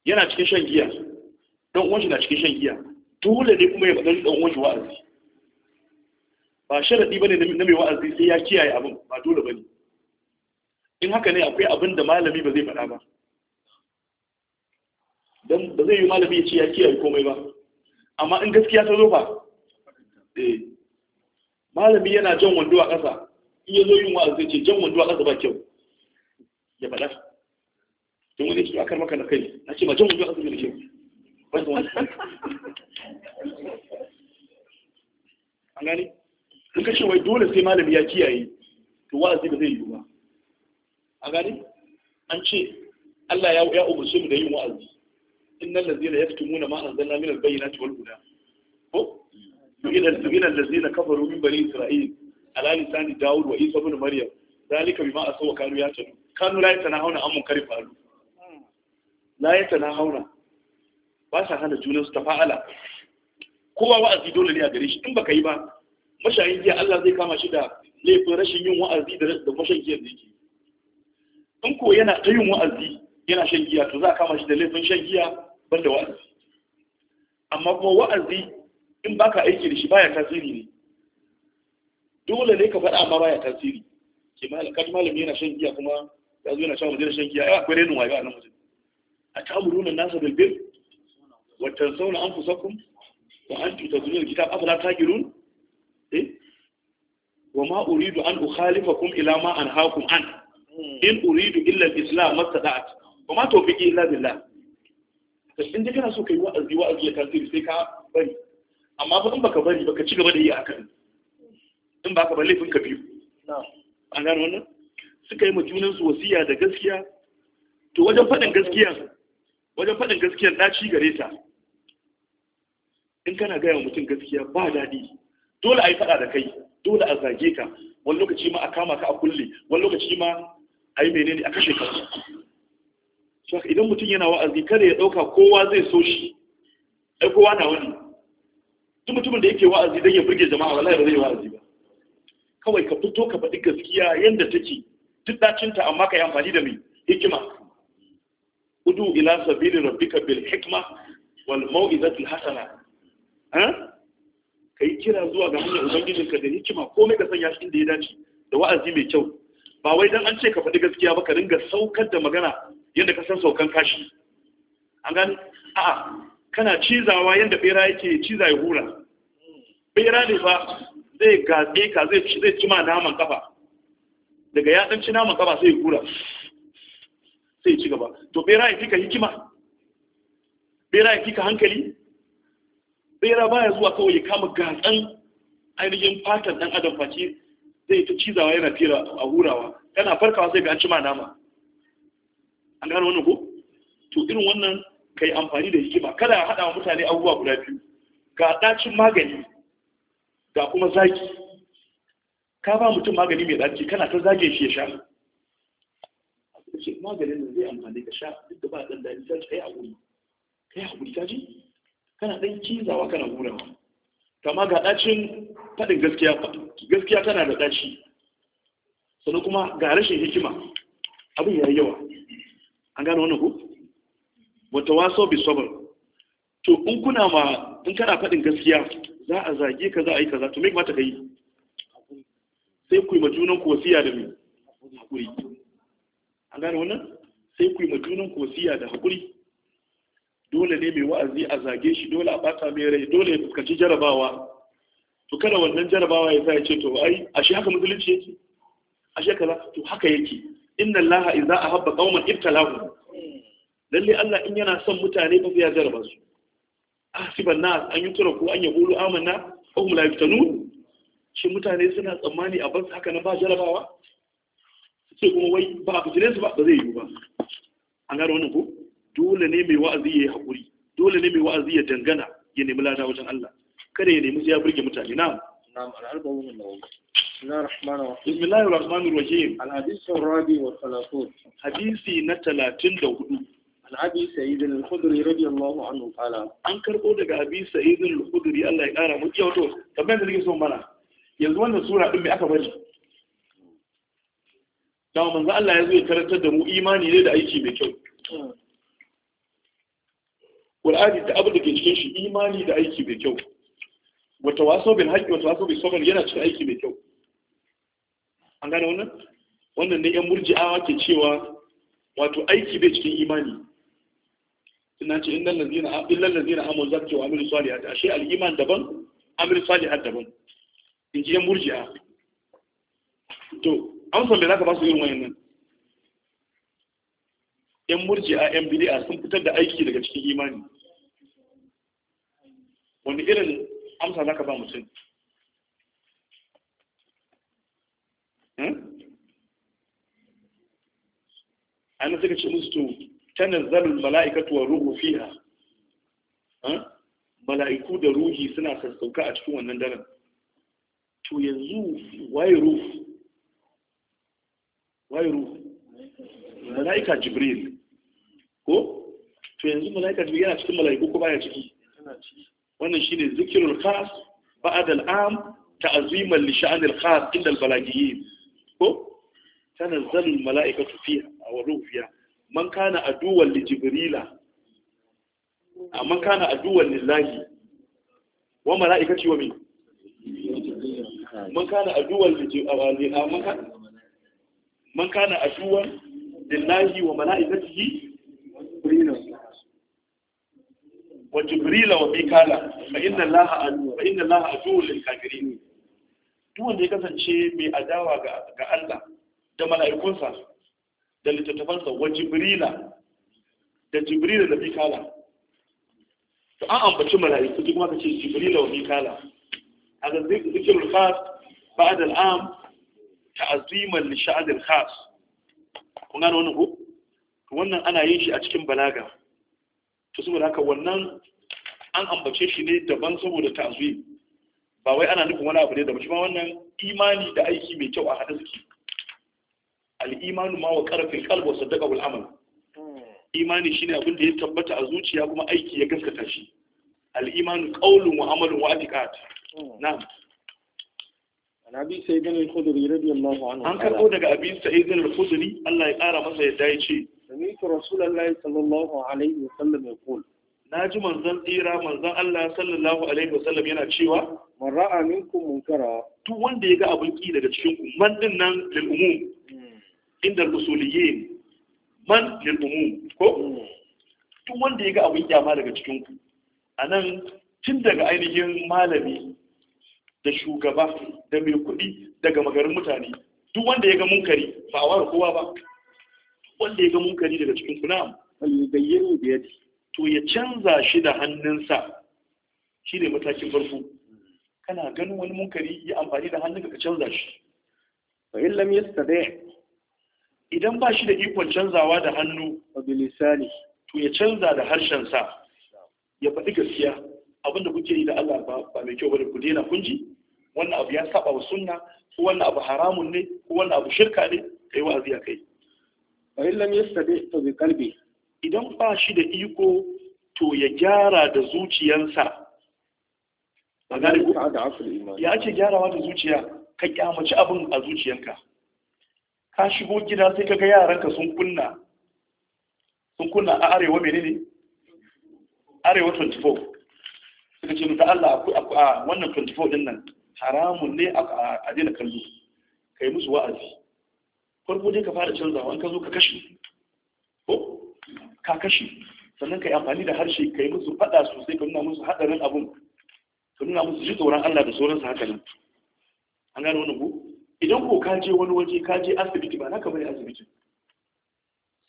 yana cikin shan giya dan uwan shi na cikin shan giya dole ne kuma ya faɗa dan uwan shi wa'azi ba sharadi bane na mai wa'azi sai ya kiyaye abin ba dole bane in haka ne akwai abin da malami ba zai faɗa ba dan ba zai yi malami ya ce ya kiyaye komai ba amma in gaskiya ta zo ba eh malami yana jan wando a ƙasa in zo yin wa'azi ce jan wando a ƙasa ba kyau ya faɗa don wani shi kar maka na kai na ce ba jan wando a ƙasa ba kyau ba da wani an gani, in ka ce wai dole sai malami ya kiyaye to wa'azi ba zai yiwu ba A gani, an ce Allah ya umarce mu da yin wa'azi innal ladzina yaktumuna ma anzalna min al-bayyinati wal huda ko ila al-ladzina kafaru min bani isra'il ala lisani Dawud wa Isa ibn Maryam dalika bima asaw kanu ya tadu kanu la yatana hauna amun karifalu la hauna ba sa hana junan su tafa'ala kowa wa'azi dole ne a gare shi in baka yi ba mashayin giya Allah zai kama shi da laifin rashin yin wa'azi da mashayin giyar da yake in ko yana ta yin wa'azi yana shan giya to za a kama shi da laifin shan giya ban da wa'azi amma kuma wa'azi in baka aiki da shi baya tasiri ne dole ne ka faɗa amma baya tasiri ke malam kaji malami yana shan giya kuma ya zo yana shan waje shan giya ya akwai renin wayo a nan wajen a ta'amuruna nasa bil bir wa tansawna anfusakum wa antum tatluna al-kitab afala taqilun eh wa ma uridu an ukhalifakum ila ma anhaakum an in uridu illa al-islam mastata'at wa ma tawfiqi illa billah in dai kana so kai wa'azi wa'azi ya tasiri sai ka bari amma fa in baka bari baka ci gaba da yi hakan in ba ka ba laifin ka biyu an gano wannan suka yi ma junansu wasiya da gaskiya to wajen faɗin gaskiya wajen faɗin gaskiya ɗaci gare ta in kana gaya mutum gaskiya ba daɗi dole a yi faɗa da kai dole a zage ka wani lokaci ma a kama ka a kulle wani lokaci ma a yi menene a kashe ka so idan mutum yana wa'azi kada ya ɗauka kowa zai so shi ai kowa na wani duk mutumin da yake wa'azi don ya burge jama'a wallahi ba zai wa'azi ba kawai ka fito ka faɗi gaskiya yadda take duk ɗacinta amma ka yi amfani da mai hikima udu ila sabili rabbika bil hikma wal mau'izati hasana ka yi kira zuwa ga hanyar ubangijinka da hikima komai ka sanya shi inda ya dace da wa'azi mai kyau ba wai dan an ce ka faɗi gaskiya ba ka ringa saukar da magana yadda ka san saukan kashi an gan a'a kana cizawa yadda bera yake ciza ya hura bera ne fa zai gaske ka zai ci zai ma naman kafa daga ya dan ci naman kafa sai ya kura sai ci gaba to bera ya fika hikima bera ya fika hankali bera baya zuwa kawai ya kama gatsan ainihin fatan dan adam face zai ta cizawa yana fira a hurawa Kana farkawa sai ga an ma nama an gano wannan ko to irin wannan kai amfani da hikima kada a haɗa mutane abubuwa guda biyu ga ɗacin magani ga kuma zaki ka ba mutum magani mai zaki kana ta zage shi ya sha ce maganin da zai amfani ka sha duk da ba ɗan daɗi ta kai a wuri kai a wuri ta ji kana ɗan cizawa kana hurawa kama ga ɗacin faɗin gaskiya gaskiya tana da ɗaci sannan kuma ga rashin hikima abin ya yi yawa an gano wannan ku wata waso bi sabar to in kuna ma in kana faɗin gaskiya za a zage ka za a yi kaza to me kuma ka yi sai ku yi ma junan ku wasiya da me hakuri an gane wannan sai ku yi ma junan ku wasiya da hakuri dole ne mai wa'azi a zage shi dole a bata mai rai dole ya fuskanci jarabawa to kada wannan jarabawa ya sa ya ce to ai ashe haka musulunci yake ashe kaza to haka yake inna allaha idza ahabba qauman ibtalahum lalle Allah in yana son mutane ba sai ya jarabasu. su asiban na an yi ko an yaqulu amanna hum la yuftanun shi mutane suna tsammani a bar haka na ba jarabawa sai kuma wai ba a fitile su ba ba zai yi ba an gano wani ko dole ne mai wa'azi ya yi haƙuri dole ne mai wa'azi ya dangana ya nemi lada wajen Allah kada ya nemi sai ya burge mutane na na'am al min rahim al-hadith ar-rabi wa hadisi na an abi sa'id al radiyallahu anhu qala an karɓo daga abi sa'id al Allah ya kara mu yau to tabbatar da nake son mana yanzu wannan sura din me aka bari dan manzo Allah ya zo ya karantar da mu imani ne da aiki mai kyau Qur'ani da abu da ke cikin shi imani da aiki mai kyau wata waso bil haƙƙi wata waso bil sabr yana cikin aiki mai kyau an gane wannan wannan ne yan murji'awa ke cewa wato aiki bai cikin imani tunan ce illal ladina illal ladina amanu zakatu wa amilu salihat ashe al-iman daban amil salihat daban in ji yan murji'a to Amsa da zaka ba su irin wayannan yan murji'a yan bid'a sun fitar da aiki daga cikin imani wani irin amsa zaka ba mutum hmm? an suka ce musu to tanazzalul mala'ikatu wa ruhu fiha mala'iku da ruhi suna sassauka a cikin wannan daren to yanzu waye ruhu waye ruhu mala'ika jibril ko to yanzu mala'ika jibril yana cikin mala'iku ko baya ciki wannan shine zikirul khas ba'd al'am ta'ziman li sha'n al-khas inda al-balagiyin ko tanazzalu al-mala'ikatu fiha aw ruhu fiha man kana aduwan li jibrila man kana aduwan lillahi wa mala'ikati wa min man kana aduwan li jibrila man kana aduwan lillahi wa mala'ikatihi wa jibrila wa mikala fa inna allaha fa inna allaha Aduwar lil kafirin duk wanda ya kasance mai adawa ga Allah da mala'ikunsa da littattafansa wa jibrila da jibrila da mikala to an ambaci mala'iku duk ma ce jibrila wa mikala hada zikrul khas ba'd al'am ta'ziman li sha'd al khas kun gano wani ku? to wannan ana yin shi a cikin balaga to saboda haka wannan an ambace shi ne daban saboda ta'zim ba wai ana nufin wani abu ne da ba shi ma wannan imani da aiki mai kyau a hada suke al'imanu ma wa ƙarfin kalbo sadaka wal amal imani shine abin da ya tabbata a zuciya kuma aiki ya gaskata shi al'imanu qaulun wa amalun wa atiqat na'am an abi sayyidina al-khudri radiyallahu anhu an karbo daga abi sayyidina al kuduri? Allah ya ƙara masa yadda ya ce sami'tu rasulallah sallallahu alaihi wa sallam Na ji manzan tsira manzan Allah sallallahu alaihi wa sallam yana cewa man ra'a minkum munkara duk wanda ya ga abin ki daga cikin ku nan lil umum hmm. inda rusuliyin man lil umum ko duk wanda ya ga abin kyama daga cikin ku anan tun daga ainihin malami da shugaba da mai kuɗi daga magarin mutane duk wanda ya ga munkari ba a ware kowa ba wanda ya ga munkari daga cikin ku na'am al yi bi yadi to ya canza shi da hannunsa shi ne matakin farko kana ganin wani munkari ya amfani da hannunka ka canza shi fa illam yastadi idan ba shi da ikon canzawa da hannu bilisani to ya canza da harshen sa ya faɗi gaskiya abinda kuke yi da Allah ba mai kyau bane ku daina kunji wannan abu ya saba wa sunna ko wannan abu haramun ne ko wannan abu shirka ne kai wa aziya kai fa illam yastabi yastadi bi qalbi idan ba shi da iko to ya gyara da zuciyansa ya ce gyarawa da zuciya ka kyamaci abin a zuciyarka ka shigo gida sai kaga yaranka sun kunna sun kunna a arewa menene arewa 24 suka ce da Allah a wannan 24 din nan haramun ne a daina kallo kai musu wa'azi farko dai ka fara canzawa an ka zo ka kashe ko ka kashe sannan ka yi amfani da harshe ka yi musu faɗa sosai ka nuna musu hadarin abun ka nuna musu ji tsoron Allah da sauransu haka nan an gane wannan ku idan ko ka je wani waje ka je asibiti ba naka bane asibitin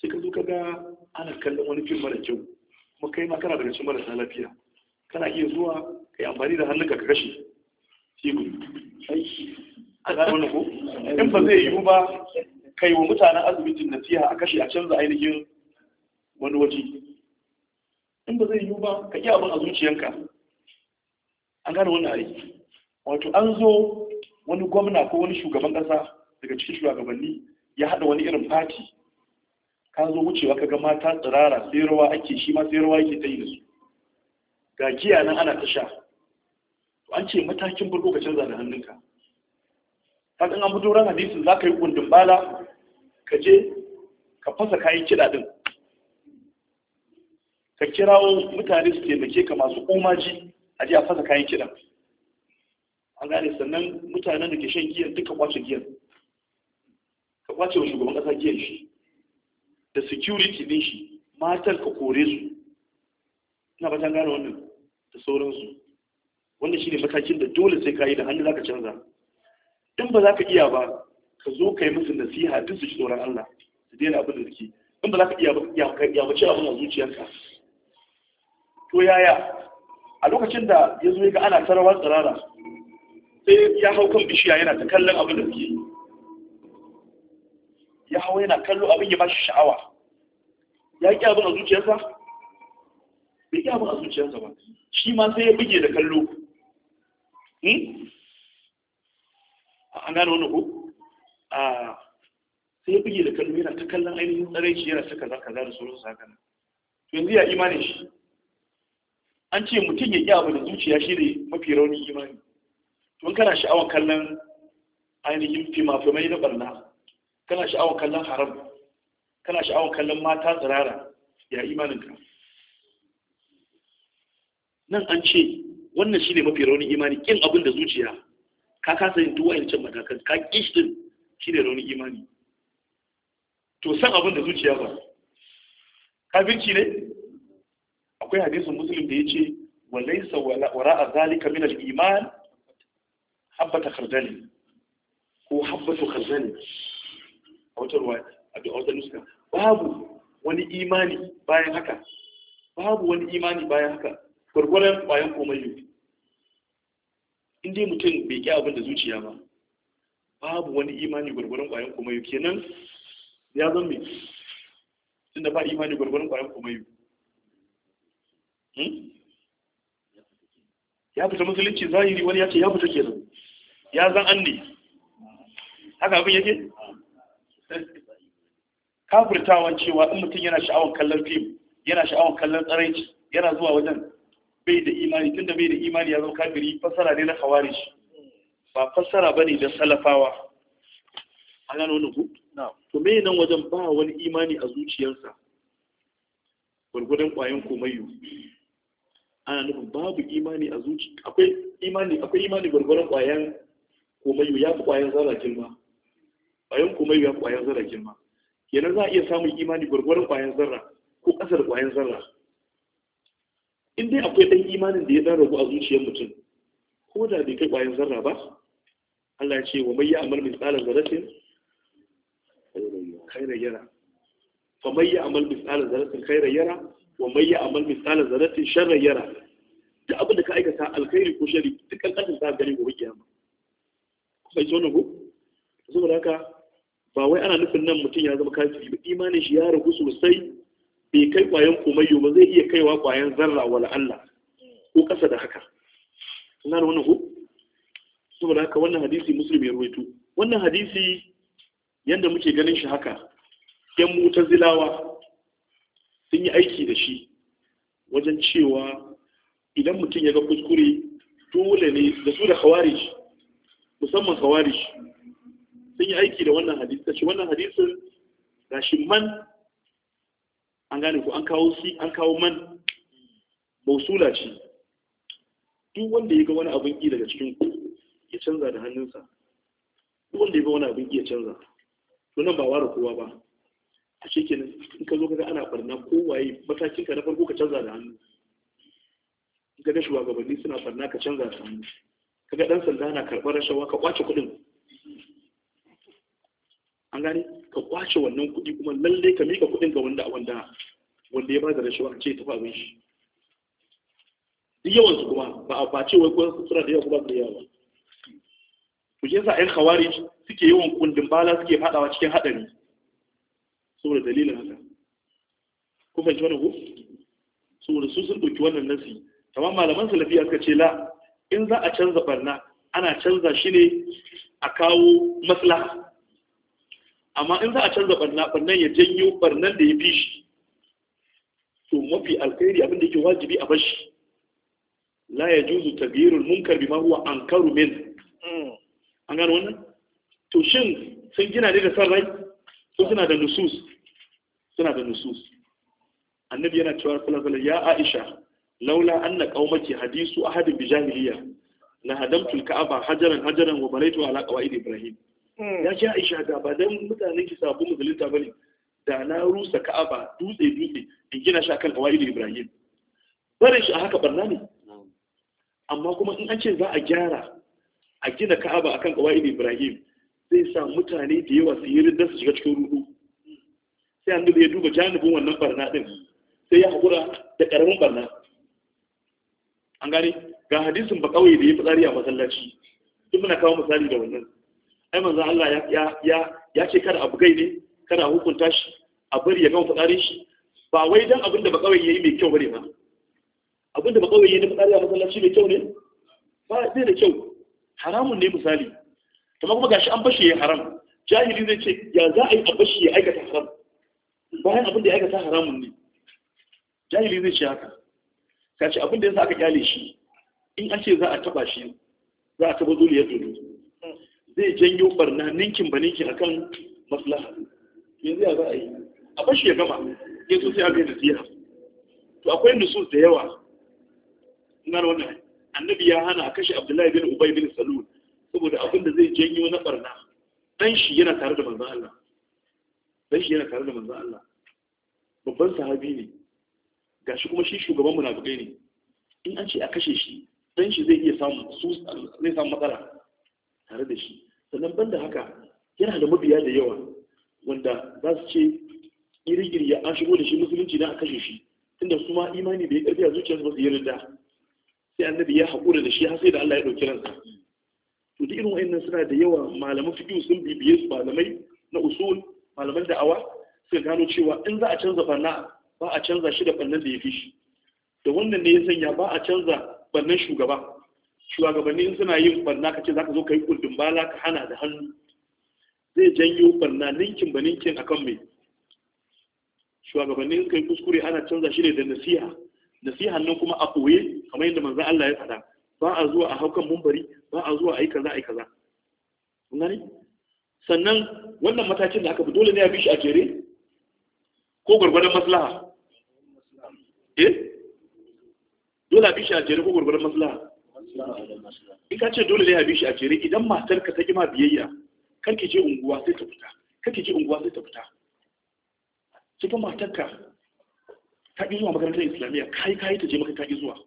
sai ka zo ka ga ana kallon wani fim mara kyau kuma kai ma kana daga cikin marasa lafiya kana iya zuwa ka yi amfani da hannunka ka kashe shi ku a gane wani ko in ba zai yiwu ba kai wa mutanen asibitin nasiha a kashe a canza ainihin wani waje in ba zai yiwu ba ka iya abin a zuciyanka an gane wannan aiki wato an zo wani gwamna ko wani shugaban ƙasa daga cikin shugabanni ya haɗa wani irin fati ka zo wucewa ka ga mata tsirara sai rawa ake shi ma sai yake ta yi da su ga giya nan ana ta sha an ce matakin farko ka canza da hannunka ka an fito ran hadisin za ka yi gundun bala ka je ka fasa kayan kiɗa ɗin ka kirawo mutane su taimake ka masu umaji a je a fasa kayan kiɗan gane sannan mutanen da ke shan giyan duka kwace giyan ka kwace wa shugaban kasa giyan shi da security din shi matan ka kore su ina ba ta gane wannan da sauransu wannan shi ne matakin da dole sai ka yi da hannu za ka canza in ba za ka iya ba ka zo ka yi musu nasiha duk su ci tsoron Allah su daina abin da suke in ba za ka iya ba ka ba mace abin a zuciyarka to yaya a lokacin da ya zo ga ana tarawa tsirara sai ya hau kan bishiya yana ta kallon abin da suke yi ya hau yana kallo abin ya ba shi sha'awa ya ƙi abin a zuciyarsa bai ƙi abin a zuciyarsa ba shi ma sai ya buge da kallo hmm? an gane wani ko a sai ya buge da kallo yana ta kallon ainihin tsarai shi yana ta kaza kaza da sauran sa haka yanzu ya imanin shi an ce mutum ya ƙi abin da zuciya shi ne mafi rauni imani Mun kana sha'awar kallon ainihin fimafimai na barna kana sha'awar kallon haram kana sha'awar kallon mata tsirara ya imaninka nan an ce wannan shi ne mafi raunin imani kin abin da zuciya ka kasa yin tuwa yancin matakan ka kish din ne raunin imani to san abin da zuciya ba kafirci ne akwai hadisin musulun da ya ce walaisa wara'a zalika min al-iman habbata khardali ko habbatu khardali a wata ruwa a da wata nuska babu wani imani bayan haka babu wani imani bayan haka gwargwaron bayan komai in dai mutum bai ƙi abin da zuciya ba babu wani imani gwargwaron ƙwayan kumayu kenan ya zan mai inda ba imani gwargwaron ƙwayan kumayu ya fita musulunci zahiri wani ya ce ya fita kenan ya zan an ne haka abin yake kafirtawa cewa in mutum yana sha'awar kallon fim yana sha'awar kallon tsaraici yana zuwa wajen bai da imani tunda bai da imani ya zama kafiri fassara ne na shi. ba fassara bane da salafawa an gano wani ku to me nan wajen ba wani imani a zuciyarsa gwargwadon kwayan komayo ana nufin babu imani a zuci akwai imani akwai imani gwargwadon kwayan komayu ya fi ƙwayar zara girma ƙwayan komayu ya fi ƙwayar zara girma kenan za a iya samun imani gwargwaron ƙwayan zarra ko ƙasar ƙwayan zarra in dai akwai ɗan imanin da ya dan ragu a zuciyar mutum ko da bai kai ƙwayan zarra ba Allah ce wa mai ya'amal tsalan zaratin khairan yara fa mai ya'amal tsalan zaratin khairan yara wa mai ya'amal tsalan zaratin sharra yara duk abin da ka aikata alkhairi ko shari duk kan za sa gani gobe kiyama bai zo ku saboda haka ba wai ana nufin nan mutum ya zama kafiri ba imanin shi ya ragu sosai bai kai kwayan kumayyo ba zai iya kaiwa kwayan zarra wala Allah ko kasa da haka na da wannan ku saboda haka wannan hadisi muslim ya ruwaito wannan hadisi yadda muke ganin shi haka yan Zilawa, sun yi aiki da shi wajen cewa idan mutum ya ga kuskure dole ne da su da khawarij musamman kawarish sun yi aiki da wannan hadisi kashi wannan hadisin gashi man an gane ku an kawo si an kawo man mausula ce duk wanda ya ga wani abin ki daga cikin ku ya canza da hannunsa duk wanda ya ga wani abin ki ya canza to nan ba ware kowa ba a cikin in ka zo ka ga ana barna kowaye matakin ka na farko ka canza da hannu in ka ga shugabanni suna barna ka canza da hannu ga ɗan sanda na karɓar rashawa ka kwace kuɗin an gane ka kwace wannan kuɗi kuma lalle ka mika kuɗin ga wanda wanda wanda ya da rashawa ce ta faɗin shi duk yawan su kuma ba a face wai kuma suna da yawa kuma da yawa Ku je yasa ƴan khawari suke yawan kundin bala suke fadawa cikin haɗari. saboda dalilin haka ku fahimci wani ko saboda su sun ɗauki wannan nasi tamam malaman salafiya suka ce la in za a canza barna ana canza shi ne a kawo matsala amma in za a canza barna barnan ya janyo barnan da ya fi shi to mafi alkhairi abin da yake wajibi a bashi la ya juzu tabirul munkar bima huwa ankaru min hmm. an gano wannan to shin sun gina ne da san rai ko suna da nusus suna da nusus annabi yana cewa sallallahu ya aisha laula anna qaumaki hadisu ahad bi jahiliya la hadamtu al-ka'aba hajaran hajaran wa banaytu ala qawaid ibrahim ya ce aisha da ba dan mutanen ki sabu musulunta bane da na rusa ka'aba dutse dutse in gina shi akan qawaid ibrahim barin shi a haka barna ne amma kuma in an ce za a gyara a gina ka'aba akan qawaid ibrahim zai sa mutane da yawa su yi ridda su shiga cikin ruhu. sai annabi ya duba janibin wannan barna din sai ya haƙura da ƙaramin barna an gane ga hadisin ba kawai da ya fitsari a masallaci duk muna kawo misali da wannan ai manzo Allah ya ya ya ce kada abu gai ne kada hukunta shi a bari ya gama fitsari shi ba wai dan abin da ba kawai yayi mai kyau bane ba abin da ba kawai yayi da fitsari a masallaci mai kyau ne ba dai da kyau haramun ne misali kuma kuma gashi an bashi ya haram jahili zai ce ya za a yi a bashi ya aikata haram bayan abin da ya aikata haramun ne jahili zai ce haka ka ce abin da yasa aka kyale shi in an ce za a taba shi za a taba zuliya dole zai janyo barna ninkin ba ninkin akan maslaha yanzu ya za a yi a bashi ya gama ya so sai aka yi siya to akwai nusus da yawa ina da wannan annabi ya hana a kashe abdullahi bin ubay bin salul saboda abin da zai janyo na barna dan shi yana tare da manzon Allah dan shi yana tare da manzon Allah babban sahabi ne gashi kuma shi shugaban munafikai ne in an ce a kashe shi dan shi zai iya samu su zai samu matsala tare da shi sannan banda haka yana da mabiya da yawa wanda za su ce iri-iri ya an shigo da shi musulunci na a kashe shi Inda su ma imani da karfi a zuciyarsu ba su yi rinda sai annabi ya haƙura da shi har sai da Allah ya ɗauki ransa to duk irin wayannan suna da yawa malaman fiqh sun bibiye su malamai na usul malaman da'awa suka gano cewa in za a canza fanna ba a canza shi da bannan da ya fi shi da wannan ne ya sanya ba a canza bannan shugaba shugabanni suna yin barna ka ce za ka zo ka yi kundin bala ka hana da hannu zai janyo barna ninkin ba ninkin a kan mai ka yi kuskure ana canza shi ne da nasiha Nasiha nan kuma a koye kamar yadda manzan Allah ya faɗa ba a zuwa a haukan mumbari ba a zuwa a yi kaza a yi kaza sannan wannan matakin da aka bi dole ne ya bi shi a jere ko gwargwadon maslaha eh dole a bishi a jere ko gwargwadon maslaha in ka ce dole ne a bishi a jere idan matar ka ta kima biyayya karki je unguwa sai ta fita karki je unguwa sai ta fita sai ta matar ka ta ki zuwa makarantar islamiyya kai kai ta je maka ta ki zuwa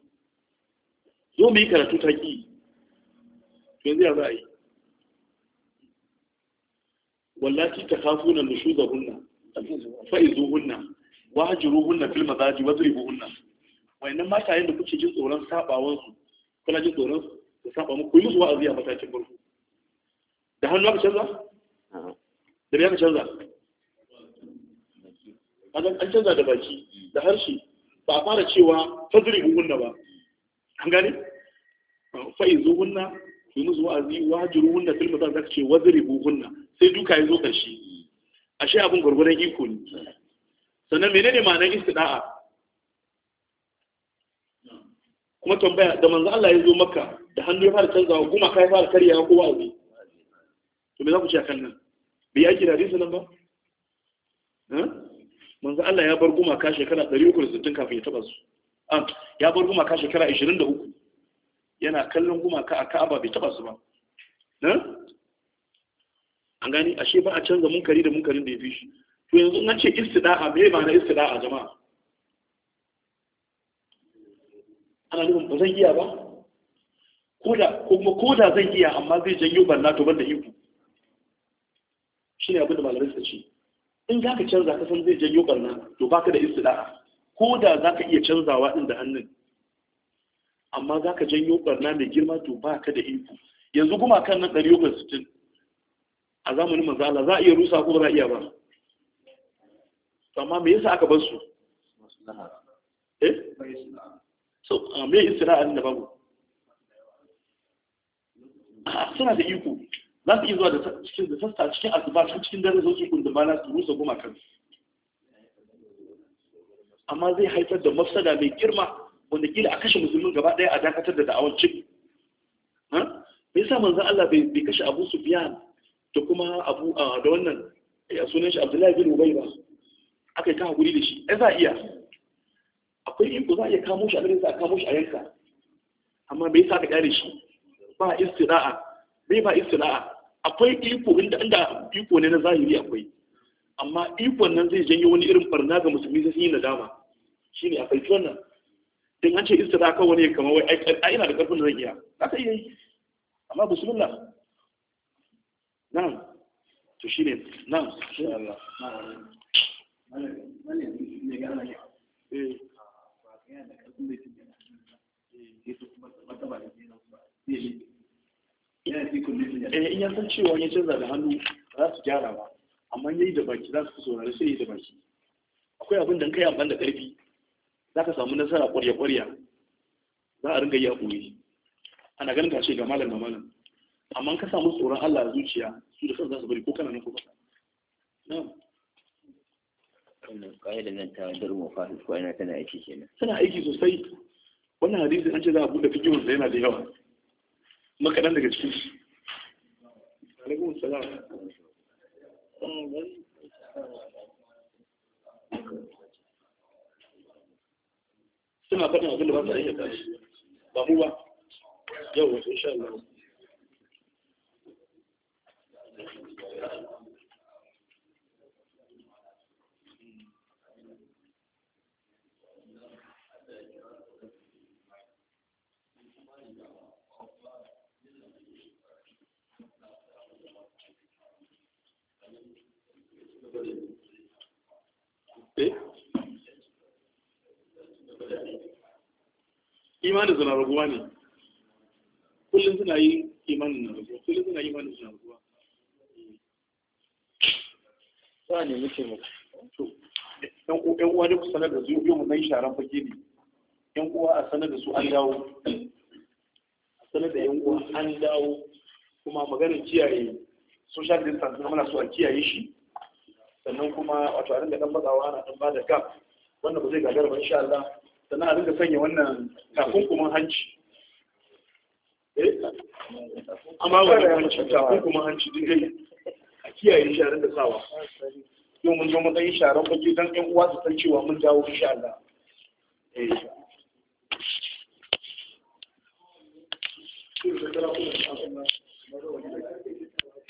yau mai karatu ta ki yanzu ya za a yi wallaci ta kafu na nushu zarunna fa'izuhunna wahjuruhunna fil mazaji wadribuhunna wayannan mata da kuke jin tsoron saɓawansu, su kuna jin tsoron su saba mu ku yi musu wa'azi a matakin farko da hannu aka canza da bai ka canza an canza da baki da harshe ba a fara cewa fadribuhunna ba an gane fa'izuhunna ku yi musu wa'azi wahjuruhunna fil mazaji zaka ce wadribuhunna sai duka ya zo ƙarshe. ashe abin gwargwadon iko ne sannan menene ma'anar istida'a kuma tambaya da manzo Allah ya zo maka da hannu ya fara canzawa goma kai fara karya ko wa'azi to me za ku ce akan nan bi yaki da hadisi nan ba manzo Allah ya bar goma ka shekara 360 kafin ya taba su ya bar goma ka shekara 23 yana kallon goma ka a Ka'aba bai taba su ba an gani ashe ba a canza munkari da munkarin da ya fi shi to yanzu an ce istida'a me ba na istida'a jama'a ana nufin ba zan iya ba ko da zan iya amma zai janyo banna to banda iko shine abin da malamai suka ce in za ka canza ka san zai janyo barna to baka da istida'a ko da za ka iya canzawa din da hannun amma za ka janyo barna mai girma to baka da iko yanzu kuma kan nan 360 a zamanin manzo Allah za a iya rusa ko ba za a iya ba amma me yasa aka bar su eh so ah, me an da babu ah, suna da iko za su iya zuwa da cikin da sassa cikin azuba cikin cikin dare zo su kundin bana su rusa goma kan amma zai haifar da mafsada mai girma wanda kila a kashe musulmin gaba daya a dakatar da da'awar cin me yasa manzon Allah bai kashe Abu Sufyan da kuma abu da wannan ya sunan shi abdullahi bin ubai ba aka yi ta hakuri da shi ai za a iya akwai iko za a iya kamo shi a garin sa a kamo shi a yanka amma bai sa ka kare shi ba istira'a bai ba istira'a akwai iko inda inda iko ne na zahiri akwai amma ikon nan zai janyo wani irin barna ga musulmi sai sun yi nadama shine a faifi wannan din an ce istira'a kawai ne kamar wai ai ina da karfin zan iya za ka iya yi amma bismillah nan to shi ne nan shi Allah eh, in yasan cewa ya canza da hannu za su gyara ba amma yayi da baki za su fi saurari sai yi da baki akwai abin da kai amfani da ƙarfi za ka samu nasara ƙwarya-ƙwarya za a ringa yi a ana ganin kashe ga malam ga malam amma ka samu tsoron Allah a zuciya su da kansu za su bari ko kana ne ko kasa wannan ƙa'idar nan ta dar mu fahimu ko ina tana aiki kenan tana aiki sosai wannan hadisi an ce za a buɗe fikihun sa yana da yawa kuma kaɗan daga cikin shi alaikum salam suna faɗin abin da ba su aikata shi ba mu ba yau wasu insha Allah Eh? imanin suna raguwa ne kullum suna yi imanin na raguwa kullum suna yi imanin suna raguwa za a nemi taimako yan uwa duk sanar da su yau mai sharan fage ne yan uwa a sanar da su an dawo a sanar da yan uwa an dawo kuma maganar kiyaye social distance na muna so a kiyaye shi sannan kuma wato a ringa dan matsawa ana dan bada gap wannan ba zai gagara ba insha Allah sannan a ringa sanya wannan takunkumin hanci eh? amma wannan takunkumin hanci din kiyaye sharan da sawa yau mun zo matsayin sharan baki don ƴan uwa su san cewa mun dawo insha Allah eh.